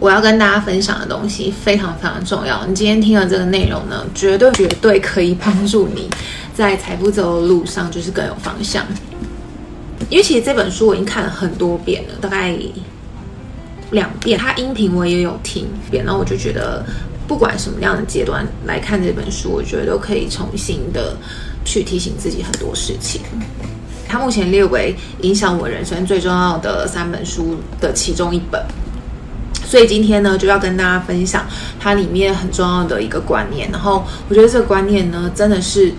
我要跟大家分享的東西非常非常重要。你今天聽了這個內容呢，絕對絕對可以幫助你在財富自由的路上就是更有方向。因為其實這本書我已經看了很多遍了，大概兩遍。它音頻我也有聽一遍，那我就覺得不管什麼樣的階段來看這本書，我覺得都可以重新的去提醒自己很多事情。它目前列為影響我人生最重要的三本書的其中一本。所以今天呢，就要跟大家分享它裡面很重要的一個觀念。然後，我覺得這個觀念呢，真的是，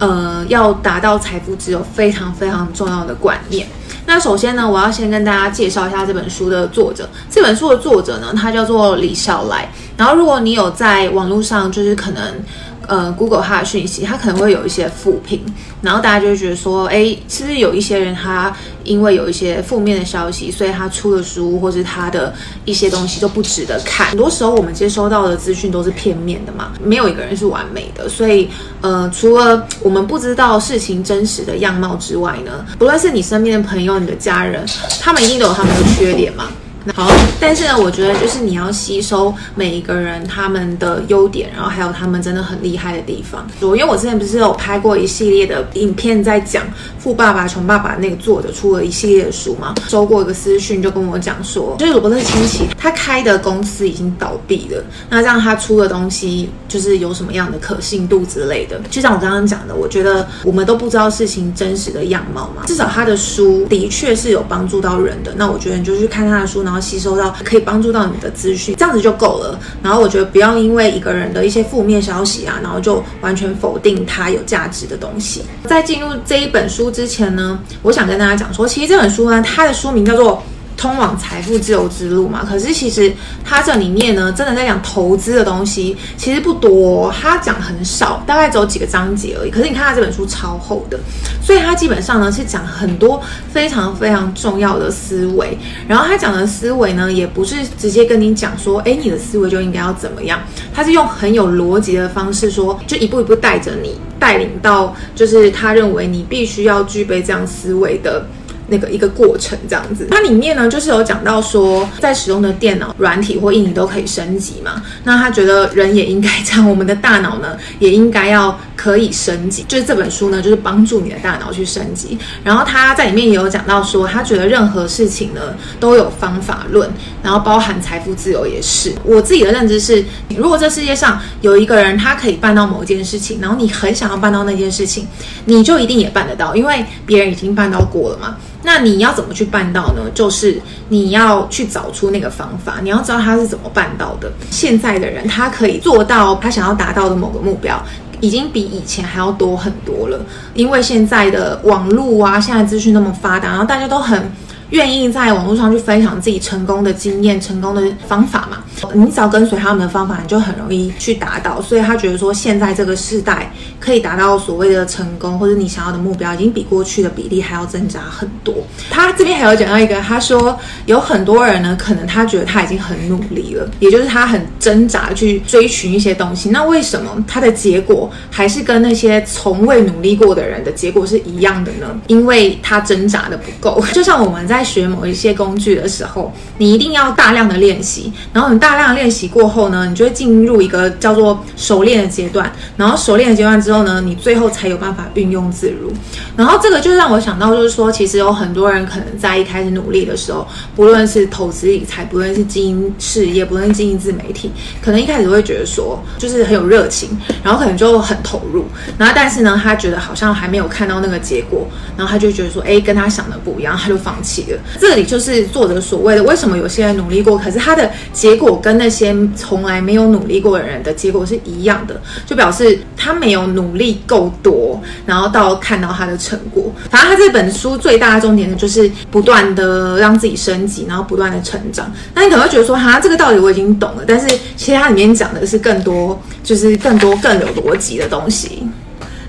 呃，要達到財富自由非常非常重要的觀念。那首先呢，我要先跟大家介紹一下這本書的作者。這本書的作者呢，他叫做李笑來。然後，如果你有在網絡上，就是可能。呃、嗯、Google 他的訊息，他可能會有一些負評，然後大家就會覺得說，哎、欸，其實有一些人他因為有一些負面的消息，所以他出的書或是他的一些東西都不值得看。很多時候我們接收到的資訊都是片面的嘛，沒有一個人是完美的，所以，呃，除了我們不知道事情真實的樣貌之外呢，不論是你身邊的朋友、你的家人，他們一定都有他們的缺點嘛。好。但是呢，我覺得就是你要吸收每一個人他們的優點，然後還有他們真的很厲害的地方。我因為我之前不是有拍過一系列的影片，在講《富爸爸窮爸爸》那個作者出了一系列的書嗎？收過一個私訊，就跟我講說，就是羅伯特清崎他開的公司已經倒閉了，那讓他出的東西就是有什麼樣的可信度之類的。就像我剛剛講的，我覺得我們都不知道事情真實的樣貌嘛。至少他的書的確是有幫助到人的。那我覺得你就去看他的書，然後吸收到。可以幫助到你的資訊，這樣子就夠了。然後我覺得不要因為一個人的一些負面消息啊，然後就完全否定它有價值的東西。在進入這一本書之前呢，我想跟大家講說，其實這本書呢，它的書名叫做，通往財富自由之路嘛，可是其實他這裡面呢，真的在講投資的東西其實不多哦，他講很少，大概只有幾個章節而已。可是你看他這本書超厚的，所以他基本上呢是講很多非常非常重要的思維。然後他講的思維呢，也不是直接跟你講說，誒，你的思維就應該要怎麼樣，他是用很有邏輯的方式說，就一步一步帶着你，帶領到就是他認為你必須要具備這樣思維的。那個一個過程這樣子，它裡面呢就是有講到說，在使用的電腦軟體或硬體都可以升級嘛，那他覺得人也應該這樣，我們的大腦呢也應該要可以升級。就是這本書呢，就是幫助你的大腦去升級。然後他在裡面也有講到說，他覺得任何事情呢都有方法論，然後包含財富自由也是。我自己的認知是，如果這世界上有一個人他可以辦到某一件事情，然後你很想要辦到那件事情，你就一定也辦得到，因為別人已經辦到過了嘛。那你要怎麼去辦到呢？就是你要去找出那個方法，你要知道他是怎麼辦到的。現在的人他可以做到他想要達到的某個目標，已經比以前還要多很多了，因為現在的網絡啊，現在的資訊那麼發達，然後大家都很願意在網絡上去分享自己成功的經驗、成功的方法嘛，你只要跟隨他們的方法，你就很容易去達到。所以他覺得說，現在這個世代可以達到所謂的成功，或者你想要的目標，已經比過去的比例還要增長很多。他這邊還有講到一個，他說有很多人呢，可能他覺得他已經很努力了，也就是他很掙扎去追尋一些東西。那為什麼他的結果還是跟那些從未努力過的人的結果是一樣的呢？因為他掙扎的不夠，就像我們在。在學某一些工具的時候，你一定要大量的練習，然後你大量的練習過後呢，你就會進入一個叫做熟練的階段，然後熟練的階段之後呢，你最後才有辦法運用自如。然後這個就讓我想到，就是說，其實有很多人可能在一開始努力的時候，不論是投資理財，不論是經營事業，不論是經營自媒體，可能一開始會覺得說，就是很有熱情，然後可能就很投入，然後但是呢，他覺得好像還沒有看到那個結果，然後他就覺得說，哎，跟他想的不一樣，他就放棄了。這裡就是作者所謂的為什麼有些人努力過，可是他的結果跟那些從來沒有努力過的人的結果是一樣的，就表示他沒有努力夠多，然後到看到他的成果。反正他這本書最大的重點呢，就是不斷的讓自己升級，然後不斷的成長。那你可能會覺得說，哈、啊，這個道理我已經懂了，但是其實他裡面講的是更多，就是更多更有邏輯的東西。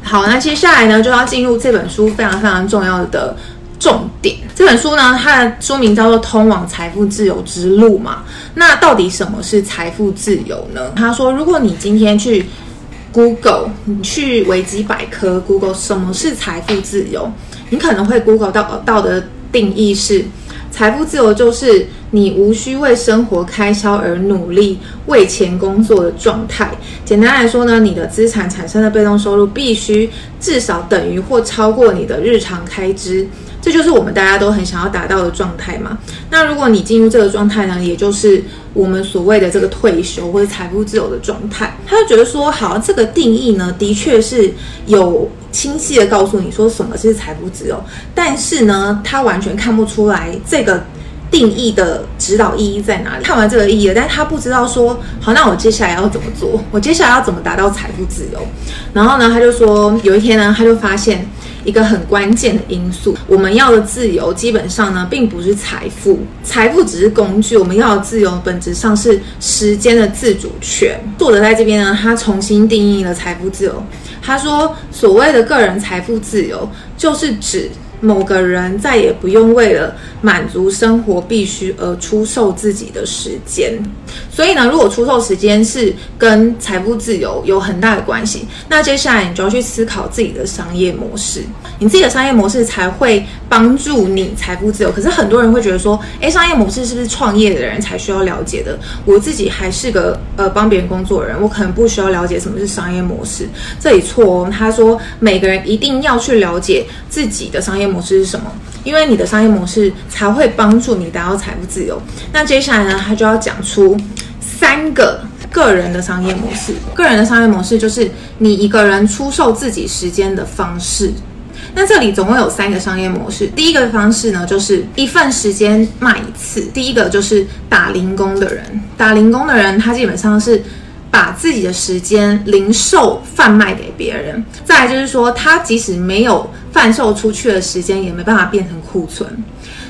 好，那接下來呢，就要進入這本書非常非常重要的。重點，這本書呢，它的書名叫做《通往財富自由之路》嘛。那到底什麼是財富自由呢？他說，如果你今天去 Google，你去維基百科，Google 什麼是財富自由，你可能會 Google 到到的定義是：財富自由就是你無需為生活開銷而努力為錢工作的狀態。簡單來說呢，你的資產產生的被動收入必須至少等於或超過你的日常開支。這就是我們大家都很想要達到的狀態嘛？那如果你進入這個狀態呢，也就是我們所謂的這個退休或者財富自由的狀態，他就覺得說，好，這個定義呢，的確是有清晰地告訴你說什麼是財富自由，但是呢，他完全看不出來這個定義的指導意義在哪裡。看完這個意義了，但是他不知道說，好，那我接下來要怎麼做？我接下來要怎麼達到財富自由？然後呢，他就說，有一天呢，他就發現。一個很關鍵的因素，我們要的自由基本上呢，並不是財富，財富只是工具，我們要的自由本質上是時間的自主權。作者在這邊呢，他重新定義了財富自由，他說，所謂的個人財富自由，就是指某個人再也不用為了滿足生活必需而出售自己的時間。所以呢，如果出售時間是跟財富自由有很大的關係，那接下來你就要去思考自己的商業模式，你自己的商業模式才會幫助你財富自由。可是很多人會覺得說，哎、欸，商業模式是不是創業的人才需要了解的？我自己還是個呃幫別人工作的人，我可能不需要了解什麼是商業模式。這裡錯哦，他說每個人一定要去了解自己的商業模式是什麼。因為你的商業模式才會幫助你達到財富自由。那接下來呢，他就要講出三個個人的商業模式。個人的商業模式就是你一個人出售自己時間的方式。那這裡總共有三個商業模式。第一個方式呢，就是一份時間賣一次。第一個就是打零工的人，打零工的人他基本上是。把自己的時間零售販賣給別人，再來就是說，他即使沒有販售出去的時間，也沒辦法變成庫存。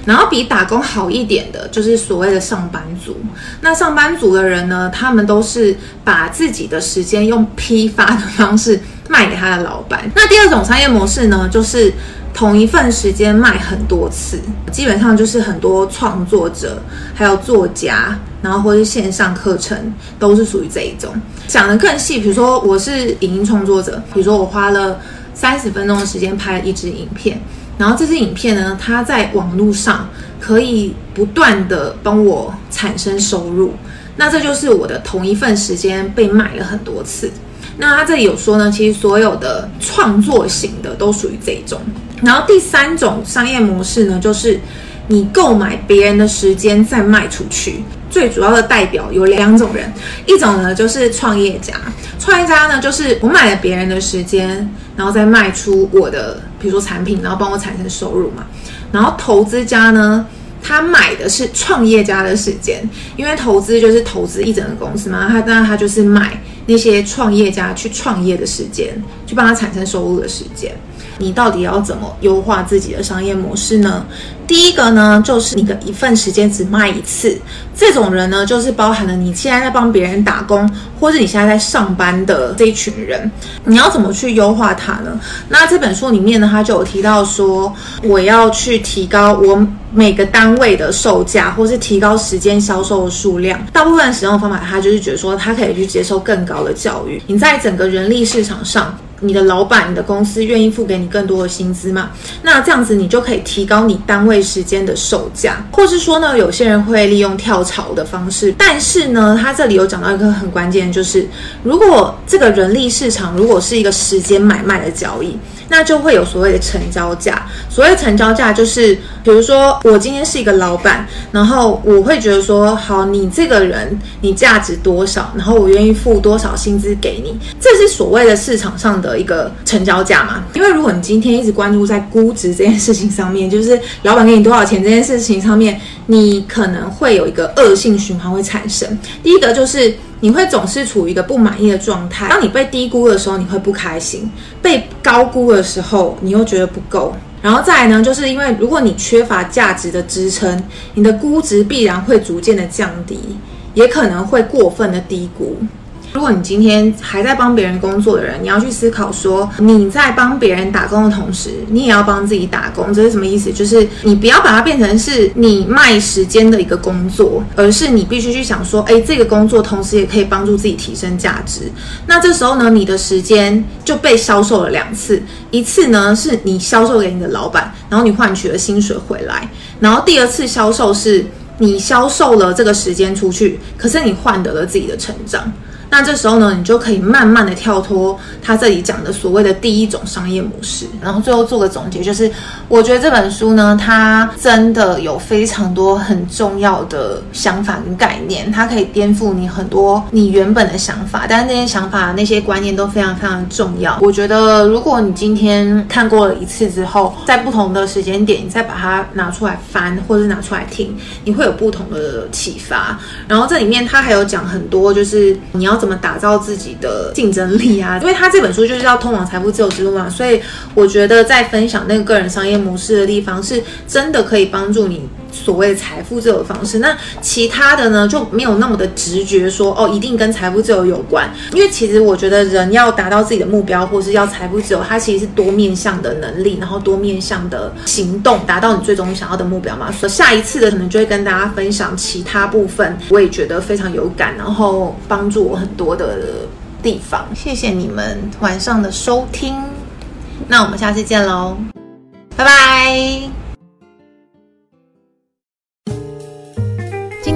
然後比打工好一點的就是所謂的上班族。那上班族的人呢，他們都是把自己的時間用批發的方式賣給他的老闆。那第二種商業模式呢，就是……同一份時間賣很多次，基本上就是很多創作者，還有作家，然後或是線上課程都是屬於這一種。講的更細，比如說我是影音創作者，比如說我花了三十分鐘的時間拍了一支影片，然後這支影片呢，它在網路上可以不斷的幫我產生收入，那這就是我的同一份時間被賣了很多次。那他這裡有說呢，其實所有的創作型的都屬於這一種。然後第三種商業模式呢，就是你購買別人的時間再賣出去。最主要的代表有兩種人，一種呢就是創業家，創業家呢就是我買了別人的時間，然後再賣出我的，比如說產品，然後幫我產生收入嘛。然後投資家呢，他買的是創業家的時間，因為投資就是投資一整個公司嘛，他當然他就是買那些創業家去創業的時間，去幫他產生收入的時間。你到底要怎麼優化自己的商業模式呢？第一個呢，就是你的一份時間只賣一次，這種人呢，就是包含了你現在在幫別人打工，或是你現在在上班的這一群人，你要怎麼去優化他呢？那這本書裡面呢，他就有提到說，我要去提高我每個單位的售價，或是提高時間銷售的數量。大部分使用方法，他就是覺得說，他可以去接受更高的教育。你在整個人力市場上，你的老闆、你的公司願意付給你更多的薪資嗎？那這樣子你就可以提高你單位時間的售價，或是說呢，有些人會利用跳槽的方式。但是呢，他這裡有講到一個很關鍵，就是如果這個人力市場如果是一個時間買賣的交易，那就會有所謂的成交價。所謂成交價就是，比如說我今天是一個老闆，然後我會覺得說，好，你這個人你價值多少，然後我願意付多少薪資給你，這是所謂的市場上的。一個成交價嘛，因為如果你今天一直關注在估值這件事情上面，就是老闆給你多少錢這件事情上面，你可能會有一個惡性循環會產生。第一個就是你會總是處於一個不滿意的狀態，當你被低估的時候你會不開心，被高估的時候你又覺得不夠。然後再來呢，就是因為如果你缺乏價值的支撐，你的估值必然會逐漸的降低，也可能會過分的低估。如果你今天還在幫別人工作的人，你要去思考說，你在幫別人打工的同時，你也要幫自己打工，這是什麼意思？就是你不要把它變成是你賣時間的一個工作，而是你必須去想說，誒，這個工作同時也可以幫助自己提升價值。那這時候呢，你的時間就被銷售了兩次，一次呢是你銷售給你的老板，然後你換取了薪水回來，然後第二次銷售是你銷售了這個時間出去，可是你換得了自己的成長。那這時候呢，你就可以慢慢的跳脫他這裡講的所謂的第一種商業模式，然後最後做個總結，就是我覺得這本書呢，它真的有非常多很重要的想法跟概念，它可以顛覆你很多你原本的想法，但是那些想法那些觀念都非常非常重要。我覺得如果你今天看過了一次之後，在不同的時間點，你再把它拿出來翻，或者是拿出來聽，你會有不同的啟發。然後這裡面他還有講很多，就是你要。怎麼打造自己的競爭力啊？因為他這本書就是要通往財富自由之路嘛，所以我覺得在分享那個個人商業模式的地方，是真的可以幫助你。所謂財富自由的方式，那其他的呢，就沒有那麼的直覺說，哦，一定跟財富自由有關。因為其實我覺得人要達到自己的目標，或是要財富自由，它其實是多面向的能力，然後多面向的行動，達到你最終想要的目標嘛。所下一次的可能就會跟大家分享其他部分，我也覺得非常有感，然後幫助我很多的地方。謝謝你們晚上的收聽，那我們下次見嘍，拜拜。